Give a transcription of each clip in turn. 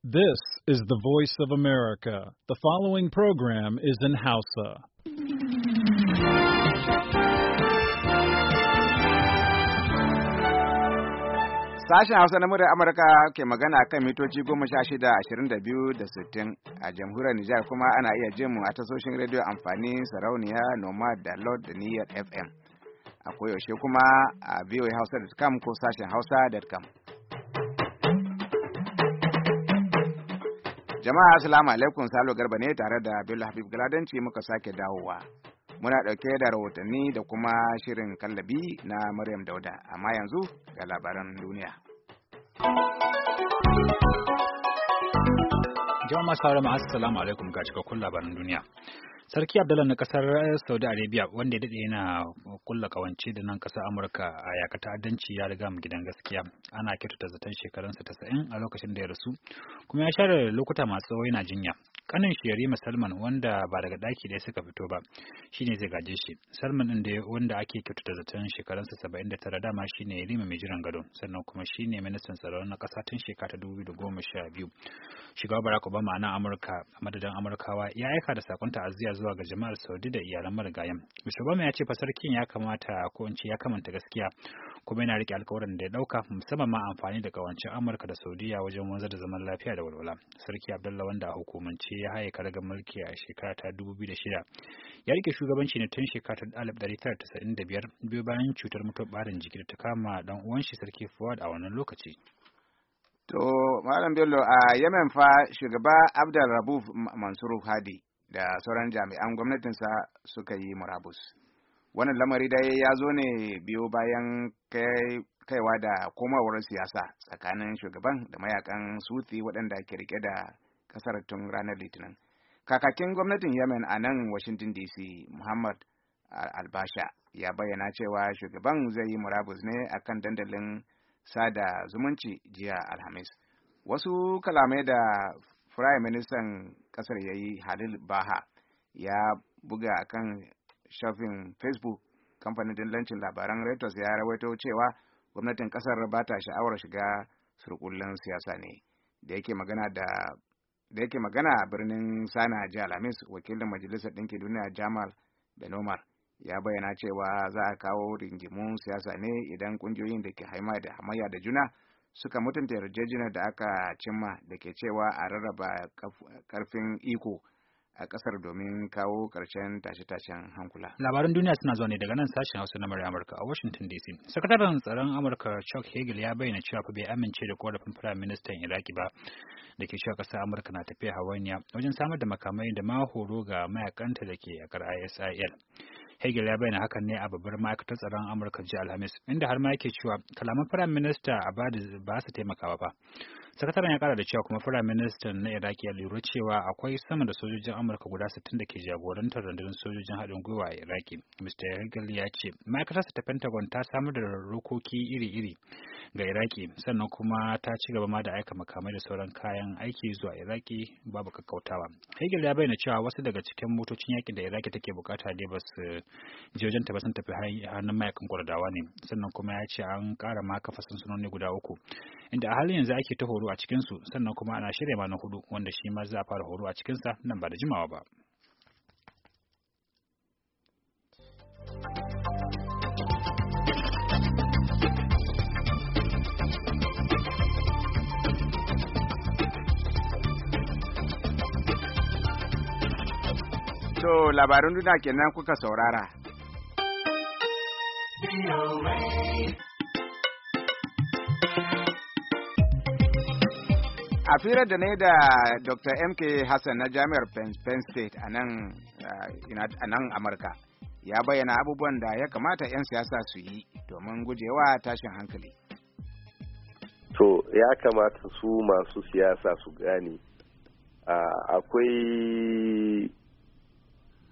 This is the voice of America. The following program is in Hausa. Sashen Hausa na murar Amurka ke magana kan mitoci goma sha shida, ashirin da biyu da sittin a jamhuriyar Nijar kuma ana iya jin mu a tasoshin rediyo amfani sarauniya, nomad da lord da FM. A koyaushe kuma a hausa.com ko sashen hausa.com. Jama'a assalamu alaikum Salo Garba ne tare da Bello Habib Galadanci muka sake dawowa. Muna ɗauke da rahotanni da kuma shirin kallabi na Maryam Dauda, amma yanzu ga labaran duniya. Jama'a masu assalamu alaikum ga cikakkun labaran duniya. Sarki Abdullah na kasar eh, Saudi Arabia wanda ya dade yana kulla kawance da nan kasar Amurka a yaka ta'addanci ya riga mu gidan gaskiya. Ana kyautata zaton shekarunsa tasa'in a lokacin da ya rasu kuma ya share lokuta masu tsawo yana jinya. Kanin shi Yarima Salman wanda ba daga daki da suka fito ba shine zai gaje shi. Salman din da wanda ake kyautata zaton shekarunsa tara dama shine Yarima mai jiran gado sannan kuma shi ne ministan tsaro na kasa tun shekara ta biyu Shugaba Barack Obama a nan Amurka a madadin Amurkawa ya aika da sakon ta'aziyya zuwa ga jama'ar Saudi da iyalan marigayen. Mr. Obama ya ce sarkin ya kamata ko in ce ya kamanta gaskiya kuma yana rike alkawarin da ya dauka musamman ma amfani da kawancin Amurka da Saudiya wajen wanzar da zaman lafiya da walwala. Sarki Abdullah wanda a hukumance ya haye karagar mulki a shekara ta 2006 ya rike shugabanci ne tun shekara ta 1995 biyu bayan cutar mutuwar jiki da ta kama dan uwan shi sarki Fuad a wannan lokaci. To, Malam Bello a Yemen fa shugaba Abdul Rabuf Mansur Hadi da sauran jami'an gwamnatinsa suka yi murabus. Wannan lamari dai ya zo ne biyo bayan kaiwa da komawar siyasa tsakanin shugaban da mayakan suti waɗanda ke rike da ƙasar tun ranar litinin. Kakakin gwamnatin Yemen a nan Washington DC Muhammad Albasha ya bayyana cewa shugaban zai yi murabus ne a kan dandalin sada zumunci jiya Alhamis. Wasu kalamai da Firayim Ministan kasar ya yi halil baha ya buga a kan shafin facebook kamfanin dillancin labaran reuters ya rawaito cewa gwamnatin kasar ba ta sha'awar shiga surkullen siyasa ne da yake magana magana a birnin sana ji alhamis wakilin majalisar ɗinkin duniya jamal benomar ya bayyana cewa za a kawo ringimun siyasa ne idan ƙungiyoyin da ke haima da hamayya da juna suka mutunta yarjejeniyar da aka cimma da ke cewa a rarraba karfin iko a kasar domin kawo karshen tashe-tashen hankula. Labaran duniya suna zuwa ne daga nan sashen Hausa na murya Amurka a Washington DC. Sakataren tsaron Amurka Chuck Hagel ya bayyana cewa fa bai amince da korafin Firayim Ministan Iraki ba da ke cewa ƙasar Amurka na tafiya Hawaniya wajen samar da makamai da ma horo ga mayakanta da ke yakar ISIL. Hegel ya bayyana hakan ne a babbar ma'aikatar tsaron Amurka jiya Alhamis, inda har ma yake cewa kalaman Firayim Minista a ba su taimakawa ba. sakataren ya kara da cewa kuma firayim ministan na iraki ya lura cewa akwai sama da sojojin amurka guda 60 da ke jagorantar rundunar sojojin haɗin gwiwa a iraki mr hegel ya ce ma'aikatar ta pentagon ta samar da rokoki iri-iri ga iraki sannan kuma ta ci gaba ma da aika makamai da sauran kayan aiki zuwa iraki babu kakkautawa hegel ya bayyana cewa wasu daga cikin motocin yakin da iraki take bukata ne ba su je wajen ta ba sun tafi hannun mayakan gwardawa ne sannan kuma ya ce an kara ma kafa sansanoni guda uku inda a halin yanzu ake ta horo a cikinsu sannan kuma ana shirya ma na hudu wanda shi ma za a fara horo a cikinsa nan ba da jimawa ba. To labarin duna kenan kuka saurara. a firar da ne da dr mk hassan na jami'ar penn state uh, a nan amurka ya bayyana abubuwan da ya kamata 'yan siyasa su yi domin gujewa tashin hankali to ya kamata su masu siyasa su gane uh, akwai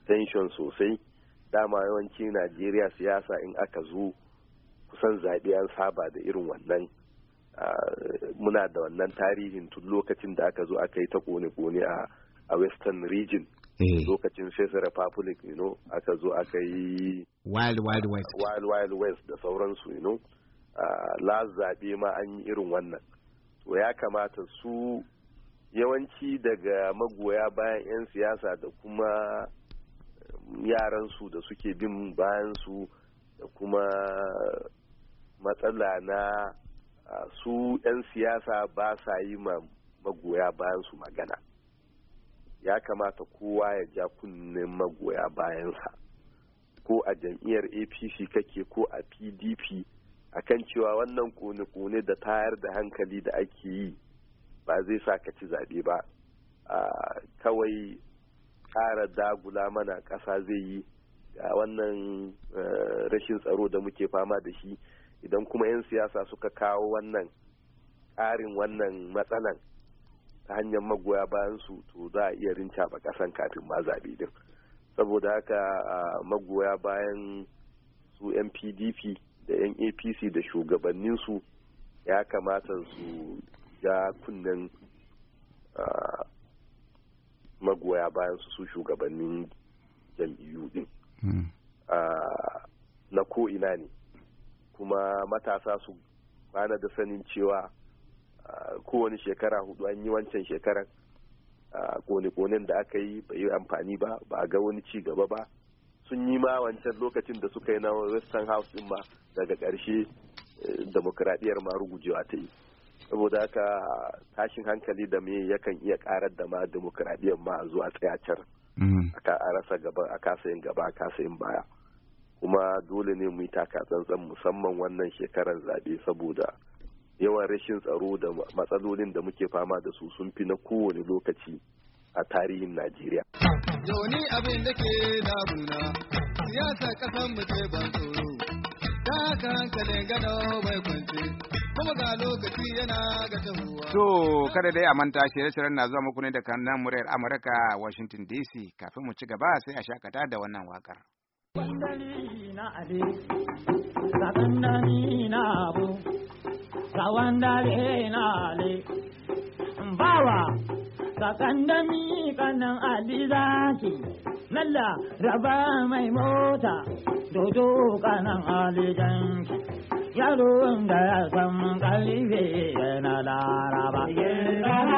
tension sosai dama yawanci najeriya siyasa in aka zo kusan zaɓe an saba da irin wannan muna da wannan tarihin tun lokacin da aka zo aka yi ta kone-kone a western region eh. lokacin First Republic, you know, aka zo aka yi Wild Wild West. Wild Wild West da sauransu, you know. la zaɓe ma an yi irin wannan. To ya kamata su yawanci daga magoya bayan 'yan siyasa da kuma yaransu da suke bin bayansu da kuma matsala na Ah, su 'yan siyasa ba sa yi ma magoya bayan su magana ya kamata kowa ya ja kunnen magoya bayansa ko a jam'iyyar apc kake ko a pdp a kan cewa wannan kone-kone da tayar da hankali da ake yi ba zai sa ka ci zaɓe ba ah, kawai ƙara dagula mana ƙasa zai yi ga wannan eh, rashin tsaro da muke fama da shi idan kuma 'yan siyasa suka kawo wannan ƙarin wannan matsalan ta hanyar magoya bayan su to za a iya rinca ba kasan kafin ma zaɓe din saboda haka magoya bayan su 'yan da 'yan apc da shugabanninsu ya kamata su ja kunnen magoya bayan su su shugabannin jam'iyyu din hmm. na ko ina ne kuma matasa su bana da sanin cewa kowane shekara hudu an yi wancan shekarar kone-konen da aka yi bai amfani ba ba ga wani ci gaba ba sun yi ma wancan lokacin da suka yi na western house din ma daga ƙarshe eh, demokradiyyar ma rugujewa ta yi saboda haka tashin hankali da me yakan iya karar da ma demokradiyyar ma zuwa tsayacar mm. a rasa gaba a kasa gaba a kasa baya kuma dole ne mu yi taka tsantsan musamman wannan shekarar zaɓe saboda yawan rashin tsaro da matsalolin da muke fama da su sun fi na kowane lokaci a tarihin Najeriya. Yawani abin da ke siyasa kasan mu ce ban tsoro, ta haka hankalin bai kuma lokaci yana ga To kada dai a manta shirye-shiryen na zuwa muku ne daga nan muryar Amurka Washington DC kafin mu ci gaba sai a shakata da wannan wakar. Wandani na ale, sakandani na abu, sawandare na ale, bawa, sakandani kanan alizaki, nalla raba mai mota, dodo kanan alijanki. Yaro da ya san kalife yana laraba.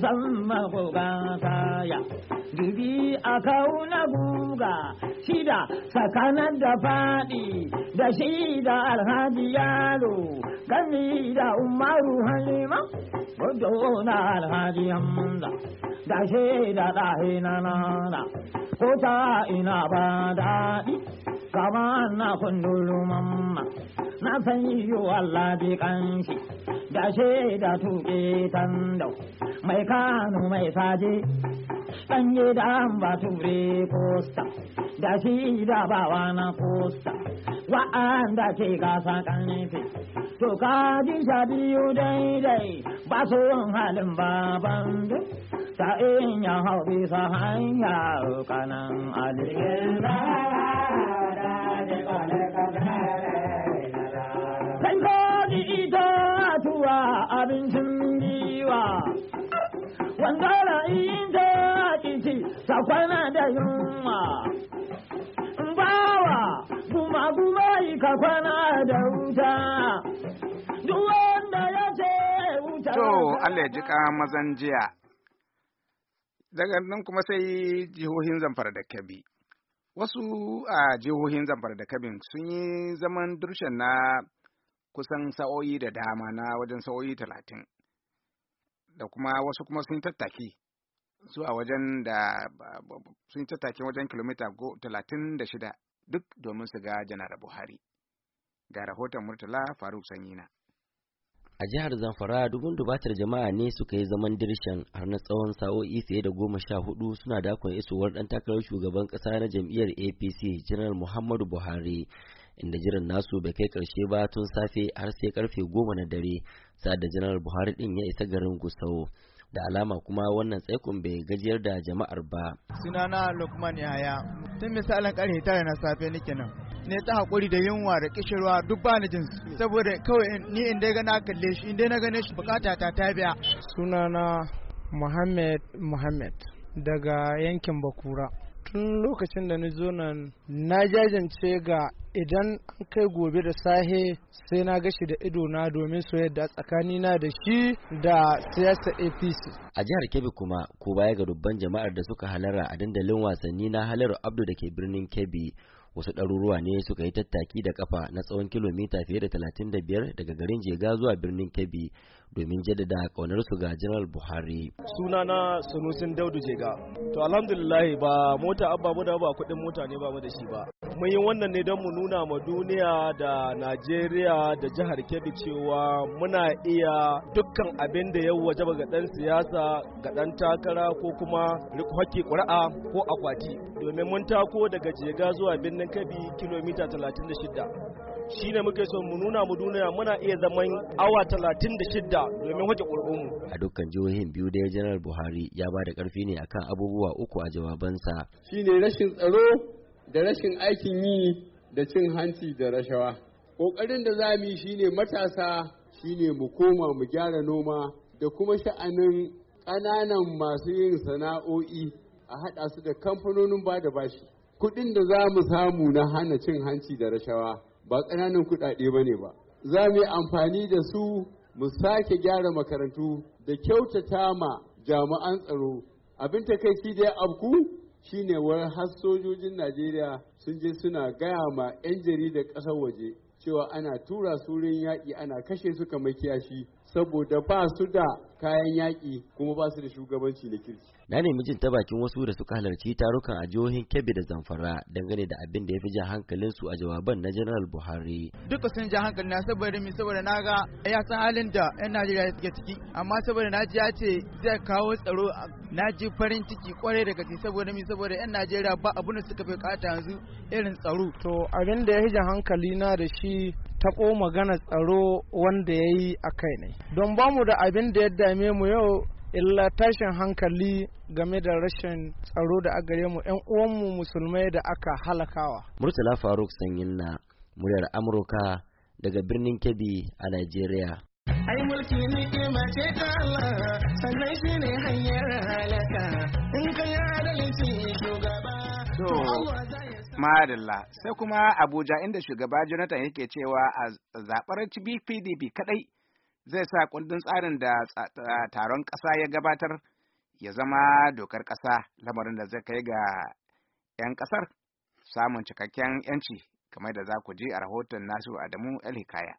san mahogata ya dubi a kauna guga shida tsakanar da faɗi da shida alhaji yaro gami da umaru halima gudu na alhaji hamza da shida ɗahe na nana ko ta ina ba daɗi kama na kundulu mamma na san yi Allah bi kanshi da shida tuke tandau mai Kano mai saje ɗanye da an ba ture kosta da shi da bawa na kosta wa'anda ke gasa kanfe. to ka sha biyu daidai ba su halin baban duk ta in ya hau bisa hanya kanan alifin kankara in ta kici sakwana da yunwa bawa kuma kuma yi kakwana da wuta duk wanda ya ce wuta to Allah ya jika mazan jiya daga nan kuma sai jihohin zamfara da kabi wasu a jihohin zamfara da kabin sun yi zaman durshen na kusan sa'o'i da dama na wajen sa'o'i talatin da kuma wasu kuma sun tattaki zuwa wajen da sun tattaki wajen kilomita talatin da shida duk domin su ga janar buhari ga rahoton murtala faruk sanyina a jihar zamfara dubun dubatar jama'a ne suka yi zaman dirshan har na tsawon sa'o'i fiye da goma sha hudu suna dakon isowar dan takarar shugaban kasa na jam'iyyar apc janar muhammadu buhari inda jiran nasu bai kai karshe ba tun safe har sai karfe goma na dare sa'ad da janar buhari din ya isa garin gusau da alama kuma wannan tsaikon bai gajiyar da jama'ar ba sunana lukman yaya tun misalin karfe tara na safe nake nan ne ta hakuri da yunwa da kishirwa duk ba jin saboda kawai ni inda ga na kalle shi inda na gane shi bukata ta ta biya sunana muhammad muhammad daga yankin bakura tun lokacin da na zo nan na jajance ga idan an kai gobe da sahe sai na gashi da ido na domin soyayya tsakanina da shi da siyasa APC. A jihar Kebbi kuma ko baya ga dubban jama'ar da suka halara a dandalin wasanni na halar Abdu da ke birnin Kebbi wasu ɗaruruwa ne suka yi tattaki da kafa na tsawon kilomita fiye da 35 daga garin Jega zuwa birnin Kebbi domin jaddada ƙaunarsu ga General Buhari. Sunana Sunusin Daudu Jega. To alhamdulillah ba mota abba da ba kuɗin mota ne ba mu da shi ba. Mun yi wannan ne don mu nuna ma duniya da Najeriya da jihar Kebbi cewa muna iya dukkan abin da ya wajaba ga ɗan siyasa ga ɗan takara ko kuma hakki ƙuri'a ko akwati domin mun tako daga jega zuwa birnin kabi kilomita 36 shine muke so mu nuna mu duniya muna iya zaman awa 36 jam'iyya domin hujja mu. A dukkan jihohin biyu da janar Buhari ya ba da ƙarfi ne akan abubuwa uku a jawabansa. Shi ne rashin tsaro da rashin aikin yi da cin hanci da rashawa. Ƙoƙarin da za mu yi shi ne matasa shi ne mu koma mu gyara noma da kuma sha'anin ƙananan masu yin sana'o'i a haɗa su da kamfanonin ba da bashi. Kuɗin da za mu samu na hana cin hanci da rashawa ba ƙananan kuɗaɗe ba ne ba. Za mu yi amfani da su mu sake gyara makarantu da kyautata ma jami'an tsaro abin ta takaici da ya abku shine war har sojojin Najeriya sun je suna gaya ma 'yan jarida ƙasar waje cewa ana tura su yaƙi ana kashe su kamar kiyashi saboda ba su da kayan yaƙi kuma ba su da shugabanci da kirki. Na nemi jin ta bakin wasu da suka halarci tarukan a jihohin Kebbi da Zamfara dangane da abin da ya fi jan hankalin su a jawaban na General Buhari. Duka sun ja hankali na saboda mi saboda na ga ya san halin da 'yan Najeriya suke ciki amma saboda na ji ya ce zai kawo tsaro na ji farin ciki kwarai da gaske saboda mi saboda 'yan Najeriya ba abin da suka fi kata yanzu irin tsaro. To abin da ya jan hankali na da shi taɓo magana tsaro wanda ya yi a kai ne. Don ba mu da abin da yadda same mu yau illa tashin hankali game da rashin tsaro da a gare mu 'yan uwanmu musulmai da aka halakawa. Murtala Faruk Sanyin na muryar Amurka daga birnin Kebbi a Najeriya. Ai mulki ta Allah sannan shi ne hanyar halaka in ka yi adalci shugaba. Madalla sai kuma Abuja inda shugaba Jonathan yake cewa a zaɓar PDP kaɗai zai sa kundin tsarin da taron ƙasa ya gabatar ya zama dokar ƙasa lamarin da zai kai ga 'yan ƙasar samun cikakken 'yanci kamar da za ku ji a rahoton nasu Adamu alhikaya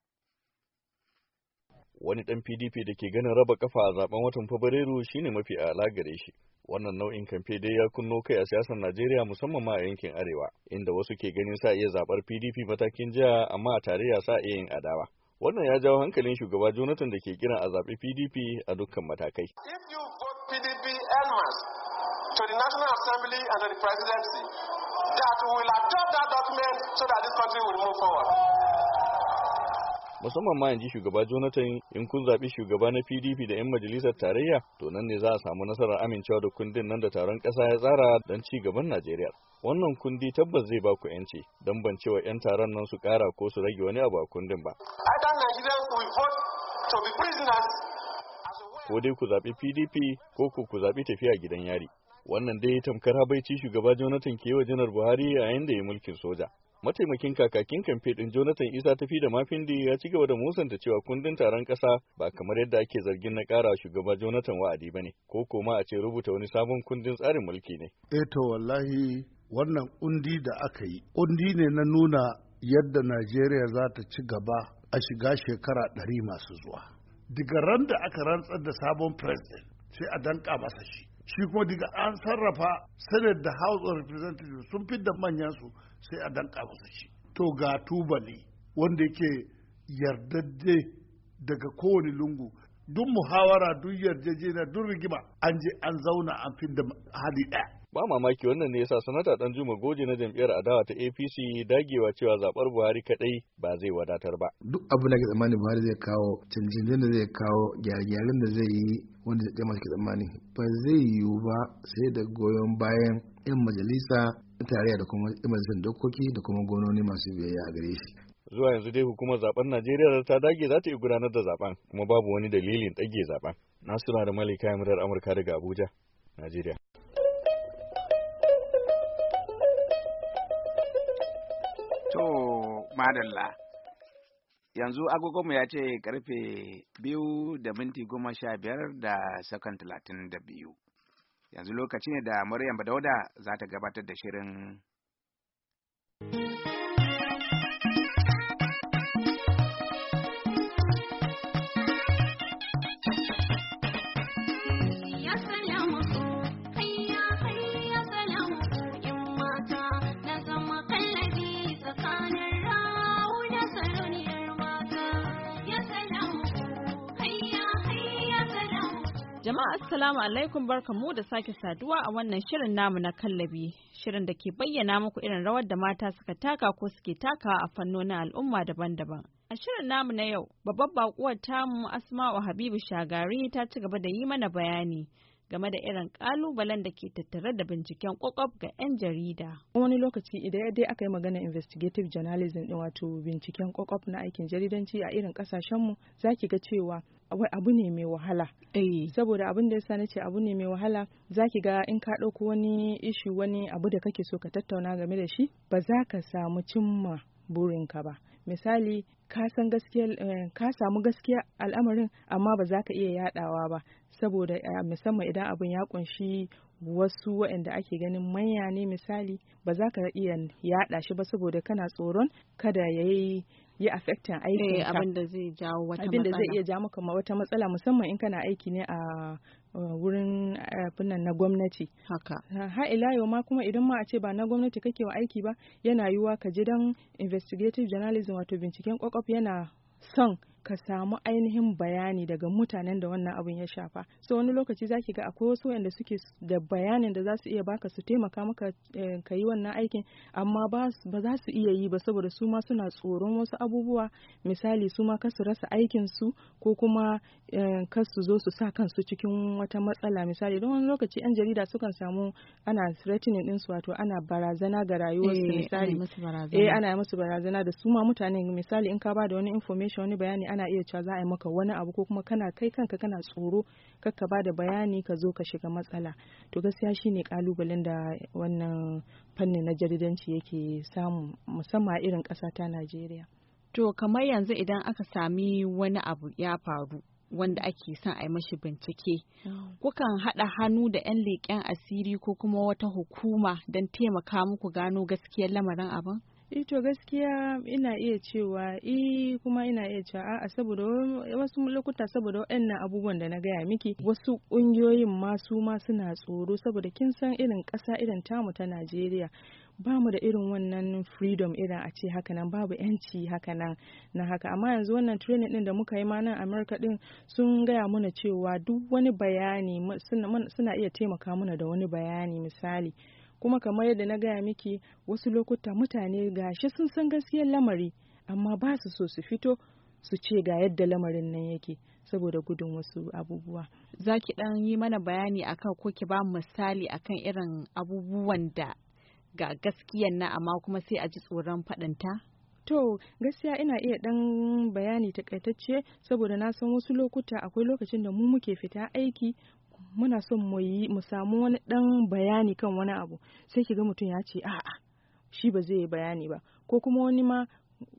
Wani ɗan PDP da ke ganin raba kafa a zaben watan Fabrairu shine mafi ala gare shi. Wannan nau'in kamfe dai ya kunno kai a siyasar Najeriya musamman ma a yankin Arewa, inda wasu ke ganin sa iya zaɓar PDP matakin jiya, amma a tare ya sa iya yin adawa. Wannan ya jawo hankalin shugaba Jonathan da ke kiran a zaɓi PDP a dukkan matakai. musamman ma ji shugaba jonathan in kun zaɓi shugaba na pdp da 'yan majalisar tarayya to nan ne za a samu nasarar amincewa da kundin nan da taron ƙasa ya tsara don ci gaban najeriya wannan kundi tabbas zai ba ku yanci don ban cewa 'yan taron nan su kara ko su rage wani abu a kundin ba. Ko dai ku zaɓi PDP ko ku ku zaɓi tafiya gidan yari. Wannan dai tamkar habaici shugaba Jonathan wa janar Buhari yayin da ya mulkin soja. mataimakin kakakin kamfe ɗin jonathan isa tafi da mafindi ya ci gaba da musanta cewa kundin taron ƙasa ba kamar yadda ake zargin na ƙara shugaba jonathan wa'adi ba ne ko koma a ce rubuta wani sabon kundin tsarin mulki ne eto eh wallahi wannan kundi da aka yi kundi ne na nuna yadda najeriya za ta ci gaba a shiga shekara ɗari masu zuwa daga ran da aka rantsar da sabon president sai a danka masa shi shi kuma daga an sarrafa senate da house of representatives sun fidda manyan su sai a danka masa shi to ga tubali wanda yake yardadde daga kowane lungu duk muhawara duk yarjejeniya duk rigima an je an zauna an fi da hali ɗaya Ba mamaki wannan ne yasa sanata dan Juma Goje na jam'iyyar adawa ta APC dagewa cewa zabar Buhari kadai ba zai wadatar ba. Duk abu da ke tsammani Buhari zai kawo, canjin da zai kawo, gyare-gyaren da zai yi wanda zai taimaka tsammani ba zai yiwu ba sai da goyon bayan 'yan majalisa tarayya da kuma 'yan majalisar dokoki da kuma gononi masu biyayya a gare shi. zuwa yanzu dai hukumar zaben Najeriya ta dage za ta yi gudanar da zaben kuma babu wani dalilin ɗage zaben. na da Malika Yamirar Amurka daga Abuja, Najeriya. madalla yanzu agogonmu ya ce karfe biyu da minti goma sha biyar da sakan talatin da biyu yanzu lokaci ne da maryam badauda za ta gabatar da shirin Jama'a assalamu alaikum barkamu da sake saduwa a wannan shirin namu na kallabi shirin da ke bayyana muku irin rawar da mata suka taka ko suke takawa a fannonin al'umma daban-daban. A shirin namu na yau, babbar bakuwar tamu Asma'u Habibu Shagari ta ci gaba da yi mana bayani game da irin kalubalen da ke tattare da binciken kwakwaf ga 'yan jarida. Wani lokaci idan dai aka yi magana investigative journalism din wato binciken kwakwaf na aikin jaridanci a irin kasashenmu za ki ga cewa wai abu ne mai wahala. Eh. Saboda abin da yasa nace abu ne mai wahala za ki ga in ka ɗauko wani ishi wani abu da kake so ka tattauna game da shi ba za ka samu cimma burinka ba. misali ka eh, samu gaskiya al'amarin amma ba za ka iya yadawa ba saboda eh, musamman idan abin ya kunshi wasu waɗanda ake ganin manya ne misali ba za ka iya yaɗa shi ba saboda kana tsoron kada ya yi yi affecting eh, aikin abin zai iya jawo maka wata matsala musamman in kana aiki ne a Uh, wurin uh, abinan na gwamnati haka ha ila yau ma kuma idan ma a ce ba na gwamnati kake wa aiki ba yana yiwuwa ka je dan investigative journalism wato binciken kwakwaf yana son ka samu ainihin bayani daga mutanen da wannan abin ya shafa so wani lokaci zaki ga akwai wasu wanda suke da bayanin da za su iya baka su taimaka maka eh, ka yi wannan aikin amma ba za su iya yi ba saboda su ma suna tsoron wasu abubuwa misali su ma kasu rasa aikin su ko kuma eh, kasu zo su sa kansu cikin wata matsala misali don wani lokaci yan jarida sukan samu ana threatening din su wato ana barazana ga rayuwarsu misali eh ana eh, musu barazana da su ma mutanen misali in ka ba da wani information wani bayani ana iya cewa za a yi maka wani abu ko kuma kana kai kanka kana tsoro kakka ba da bayani ka zo ka shiga matsala to gaskiya shine kalubalen da wannan fannin na jaridanci yake samu musamman irin ƙasa ta Najeriya to kamar yanzu idan aka sami wani abu ya faru wanda ake son a yi mashi bincike. Mm. Kukan haɗa hannu da 'yan leƙen asiri ko kuma wata hukuma don taimaka muku gano gaskiyar lamarin abin? ito eh, to gaskiya ina iya cewa e kuma ina iya cewa a'a saboda wasu lokuta saboda waɗannan abubuwan da na gaya miki wasu ƙungiyoyin ma su ma suna tsoro saboda kin san irin ƙasa irin tamu ta Najeriya ba mu da irin wannan freedom irin a ce nan babu yanci nan na haka amma yanzu wannan training din da muka yi ma nan America din sun gaya mana cewa duk wani bayani suna iya taimaka mana da wani bayani misali kuma kamar yadda na gaya miki wasu lokuta mutane gashi sun san gaskiyar lamari amma ba su so su fito su ce ga yadda lamarin nan yake saboda gudun wasu abubuwa. Za ki ɗan yi mana bayani akan ko ki ba misali akan irin abubuwan da ga gaskiyan na amma kuma sai a ji tsoron faɗinta? To gaskiya ina iya ɗan bayani takaitacce saboda na san wasu lokuta akwai lokacin da mu muke fita aiki muna son mu mu samu wani dan bayani kan wani abu sai ki ga mutum ya ce a'a shi ba zai yi bayani ba ko kuma wani ma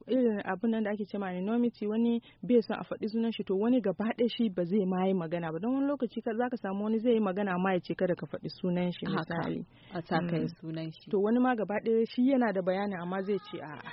irin abin nan da ake ce anonymity wani bai son a faɗi sunan shi to wani gaba ɗaya shi ba zai ma yi magana ba don wani lokaci za ka samu wani zai yi magana ma ya ce kada ka faɗi sunan shi misali a taka mm. sunan shi to wani ma gaba ɗaya shi yana da bayani amma zai ce a'a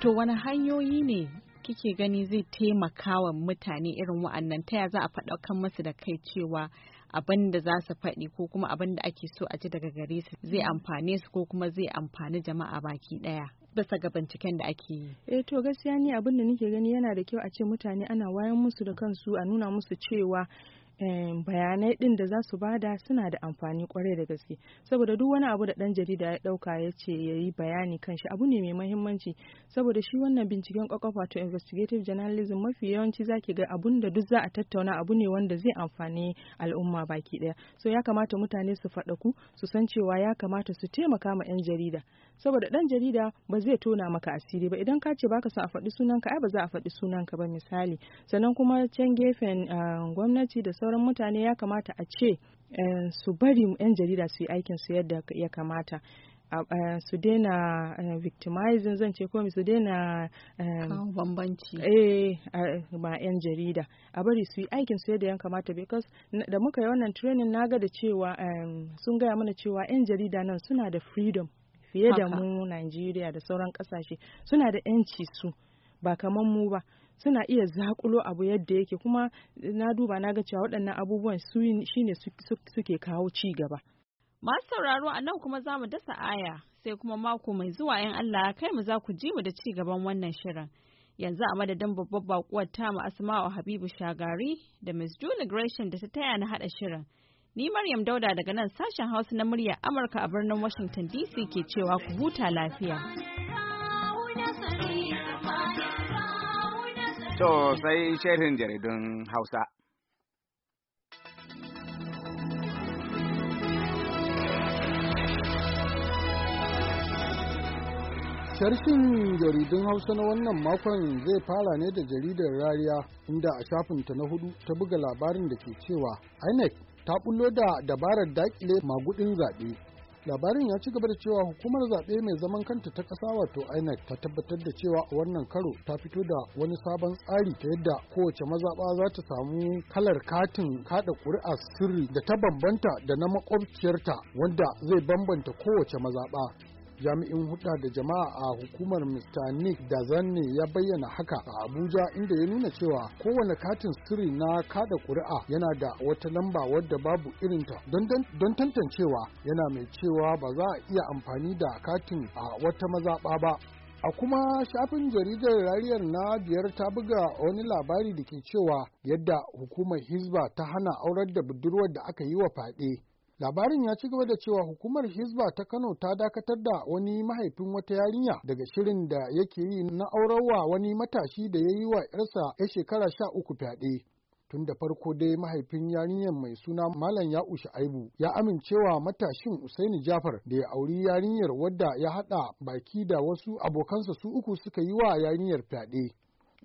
To wani hanyoyi ne kike gani zai taimaka wa mutane irin wa'annan ta za a faɗa kan masu da kai cewa abin da za su faɗi ko kuma abin da ake so a ji daga gare su zai amfane su ko kuma zai amfani jama'a baki ɗaya bisa ga binciken da ake yi. Eh to gaskiya ni abin da nake gani yana da kyau a ce mutane ana wayan musu da kansu a nuna musu cewa bayanai ɗin da za su bada suna da amfani kwarai da gaske saboda duk wani abu da ɗan jarida ya ɗauka ya ce ya yi bayani kan shi abu ne mai mahimmanci saboda shi wannan binciken kwakwafa to investigative journalism mafi yawanci zaki ga abun da duk za a tattauna abu ne wanda zai amfani al'umma baki ɗaya so ya kamata mutane su faɗa ku su san cewa ya kamata su taimaka ma 'yan jarida saboda dan jarida ba zai tona maka asiri ba idan ka ce baka son a faɗi sunanka ai ba za a faɗi sunanka ba misali sannan kuma can gefen eh, gwamnati da sauran mutane ya kamata a ce eh, su bari 'yan jarida su yi aikin su yadda ya kamata eh, su daina victimizing zan ce komai su daina bambanci eh ma yan jarida a bari su yi aikin su yadda ya kamata because da muka yi wannan training na ga da cewa sun gaya mana cewa yan jarida nan suna da freedom fiye da mu Najeriya da sauran kasashe suna da yanci su ba kamar mu ba suna iya zakulo abu yadda yake kuma na duba na ga cewa waɗannan abubuwan shine suke kawo ci gaba. Masu sauraro a nan kuma za mu dasa aya sai kuma mako mai zuwa ‘yan Allah kai mu za ku ji mu da ci gaban wannan shirin. Yanzu a madadin babbar bakuwar tamu Asma'u Habibu Shagari da Miss Julie Gresham da ta taya na haɗa shirin. Ni Maryam Dauda daga nan sashen Hausa na murya Amurka a birnin Washington DC ke cewa ku huta lafiya. To sai shirin jaridun Hausa. Sharshin jaridun Hausa na wannan makon zai fara ne da jaridar rariya inda a shafinta na hudu ta buga labarin da ke cewa INEC ta bullo da dabarar dakile magudin zaɓe labarin ya ci gaba da cewa hukumar zaɓe mai zaman kanta ta ƙasa wato inec ta tabbatar da cewa wannan karo ta fito da wani sabon tsari ta yadda kowace mazaɓa za ta samu kalar katin kaɗa ƙuri'a sirri da ta bambanta da na makwabciyarta wanda zai bambanta kowace mazaɓa jami'in hudda da jama'a a hukumar mr nick da dazanne ya bayyana haka a abuja inda ya nuna cewa kowane katin sirri na kada kuri'a yana da wata lamba wadda babu irinta don tantancewa yana mai cewa ba za a iya amfani da katin a wata mazaɓa ba A kuma shafin jaridar rariyar na biyar ta buga wani labari da ke cewa yadda hukumar Hizba ta hana aurar da budurwar da aka yi wa fade Labarin ya ci gaba da cewa hukumar Hizba ta Kano ta dakatar da wani mahaifin wata yarinya daga shirin da yake yi na aurarwa wani matashi da ya yi wa 'yarsa 'ya shekara sha uku fyaɗe. tun da farko dai mahaifin yarinyar mai suna malam ya ushi aibu ya amincewa matashin usaini jafar da ya auri yarinyar wadda ya haɗa baki da wasu abokansa su uku suka yi wa yarinyar fyaɗe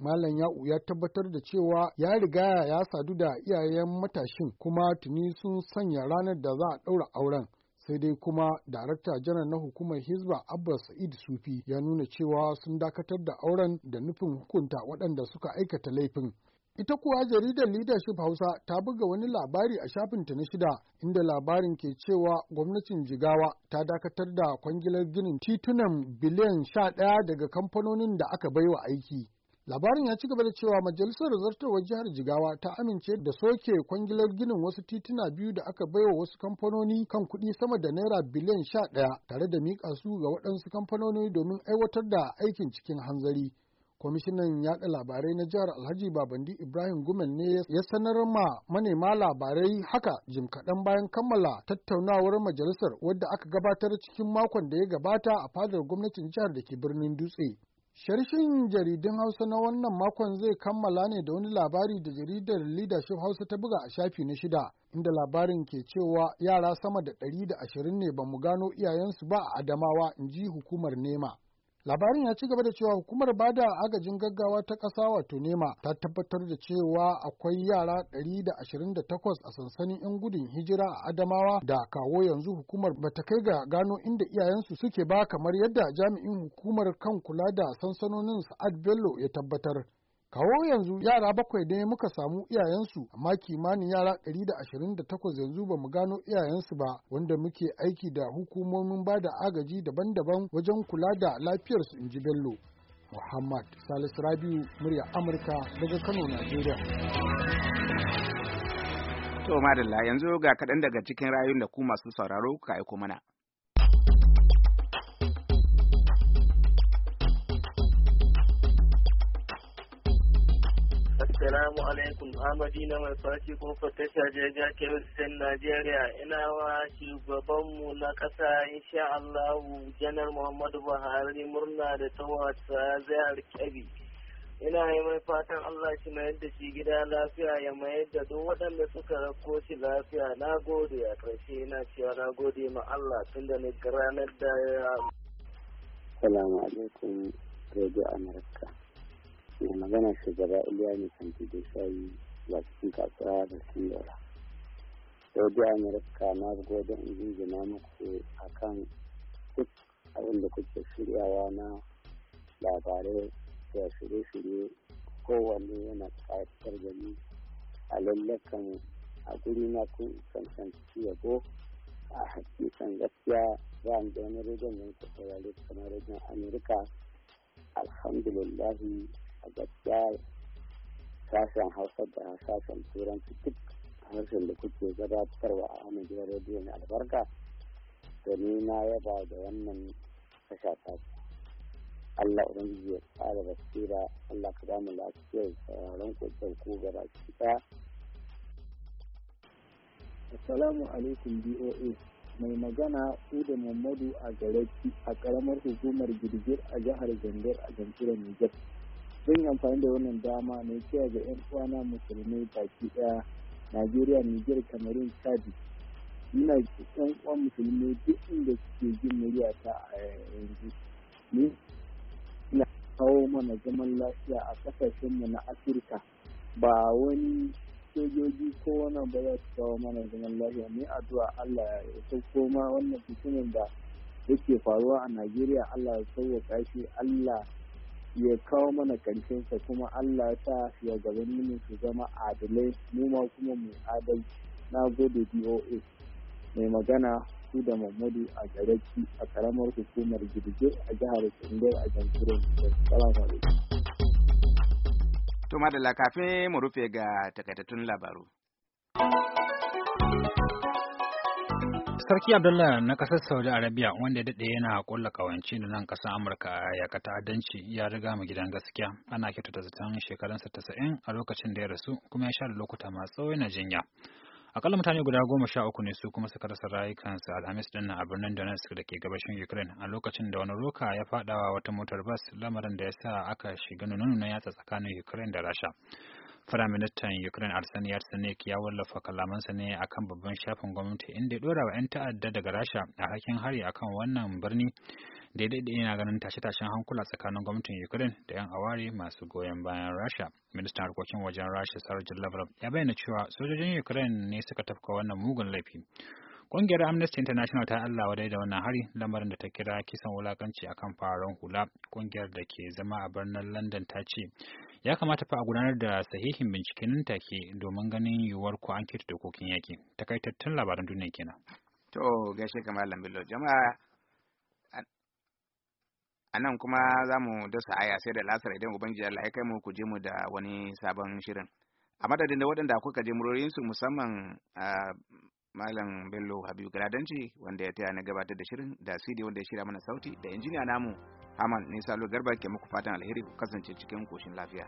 Malam Ya'u ya tabbatar da cewa ya riga ya sadu da iyayen matashin kuma tuni sun sanya ranar da za a ɗaura auren. Sai dai kuma darakta janar na hukumar Hizba Abba Sa'id Sufi ya nuna cewa sun dakatar da auren da nufin hukunta waɗanda suka aikata laifin. Ita kuwa jaridar Leadership Hausa ta buga wani labari a shafinta na shida inda labarin ke cewa gwamnatin Jigawa ta dakatar da kwangilar ginin titunan biliyan sha ɗaya daga kamfanonin da aka baiwa aiki. labarin ya ci gaba da cewa majalisar zartarwar jihar jigawa ta amince da soke kwangilar ginin wasu tituna biyu da aka baiwa wasu kamfanoni kan kuɗi sama da naira biliyan sha ɗaya tare da miƙa su ga waɗansu kamfanoni domin aiwatar da aikin cikin hanzari kwamishinan yaɗa labarai na jihar alhaji babandi ibrahim gumen ne ya sanar ma manema labarai haka jim kaɗan bayan kammala tattaunawar majalisar wadda aka gabatar cikin makon da ya gabata a fadar gwamnatin jihar da ke birnin dutse Sharshin jaridun Hausa na wannan makon zai kammala ne da wani labari da jaridar Leadership Hausa ta buga a shafi na shida, inda labarin ke cewa yara sama da ɗari da ashirin ne ba mu gano iyayensu ba a Adamawa, in ji hukumar NEMA. Labarin ya ci gaba da cewa hukumar bada agajin gaggawa ta ƙasa wato nema ta tabbatar da cewa akwai yara 128 a sansanin 'yan gudun hijira a Adamawa da kawo yanzu hukumar ba ta kai ga gano inda iyayensu suke ba kamar yadda jami'in hukumar kan kula da sansanonin Sa'ad Bello ya tabbatar. kawo yanzu yara bakwai ne muka samu iyayensu amma kimanin yara 128 yanzu ba mu gano iyayensu ba wanda muke aiki da hukumomin ba da agaji daban-daban wajen kula da lafiyarsu in ji bello muhammad salisu rabiu murya amurka daga kano nigeria to madalla yanzu ga kaɗan daga cikin rayun da ku masu sauraro ka aiko mana Assalamu alaikum Ahmadi na mai fashi kofar tasha jaja Najeriya ina wa shugabanmu na ƙasa insha Allahu janar Muhammadu Buhari murna da tawata zai kebi. Ina yi mai fatan Allah shi mayar yadda shi gida lafiya ya mayar da duk waɗanda suka rako shi lafiya na gode a ƙarshe ina cewa na gode ma Allah tun da ni ranar da ya. Assalamu alaikum Radio America. mai magana shugaba iliya ne kan da shayi ba cikin kasuwa da sun yara saudi amurka na gode in jinjina muku akan duk abin da kuke shiryawa na labarai da shirye-shirye kowanne yana da ni a lallakan a guri na kun ya go a hakikan gaskiya za a da wani yankin yanku kamar rediyon amurka alhamdulillahi a gaskiya sashen hausa da sashen turanci duk harshen da kuke gabatarwa a wani gidan rediyo mai albarka da ni na yaba da wannan tasha ta Allah ubangiji ya tsara tsira Allah ka ba mu lafiyar sauraron ku ku gaba ki Assalamu alaikum BOA mai magana Uda Muhammadu a Garaki a karamar hukumar Girgir a jihar Zandar a jamhuriyar Nijar. zan yi amfani da wannan dama na kira ga 'yan uwana musulmai baki ɗaya najeriya niger cameroon chadi muna yan uwan musulmi duk inda suke jin murya ta a yanzu ni na kawo mana zaman lafiya a kasashenmu na afirka ba wani sojoji ko wani ba za su kawo mana zaman lafiya ne addu'a allah ya sauko ma wannan fitinin da yake faruwa a najeriya allah ya sauwaka shi allah ya kawo mana sa kuma Allah ya sa shugabanni mu su zama adalai mu ma kuma mu adal na gode DOA mai magana su da Muhammadu a garaki a karamar hukumar girgir a jihar Sindai a jamhuriyar Nijar. Salamu alaikum. To madalla kafin mu rufe ga takaitattun labaru. Sarki Abdullah na kasar Saudi Arabia wanda ya daɗe yana ƙulla ƙawance da nan ƙasar Amurka ya ka ta'addanci ya riga mu gidan gaskiya ana kyautata zaton shekarunsa tasa'in a lokacin da ya rasu kuma ya sha da lokuta masu tsawo na jinya. Akalla mutane guda goma sha uku ne su kuma suka rasa rayukansu Alhamis din a birnin Donetsk da ke gabashin Ukraine a lokacin da wani roka ya faɗawa wata motar bas lamarin da ya sa aka shiga nuna na yatsa tsakanin Ukraine da Rasha. Firaministan Ukraine Arseniy Yatsenyuk ya wallafa kalamansa ne akan babban shafin gwamnati inda ya dora wa 'yan ta'adda daga Rasha a hakin hari akan wannan birni da yana ganin tashe-tashen hankula tsakanin gwamnatin Ukraine da 'yan aware masu goyon bayan Rasha. Ministan harkokin wajen Rasha Sarge Lavrov ya bayyana cewa sojojin Ukraine ne suka tafka wannan mugun laifi. Ƙungiyar Amnesty International ta Allah wadai da wannan hari lamarin da ta kira kisan wulakanci akan fararen hula. Ƙungiyar da ke zama a birnin London ta ce ya kamata fa a gudanar da sahihin binciken nan take domin ganin yiwuwar ko an keta dokokin yaki. Takaitattun labaran duniya kenan. To gaishe kamar Bello jama'a a nan kuma za mu dasa aya sai da lasar idan ubangiji Allah ya kai mu ku je mu da wani sabon shirin a madadin da waɗanda kuka je murorinsu musamman ah, Malam Bello Habibu Gradanci wanda ya taya na gabatar da shirin da CD wanda ya shirya mana sauti da injiniya namu Haman Nisa Garba ke muku fatan alheri ku kasance cikin koshin lafiya.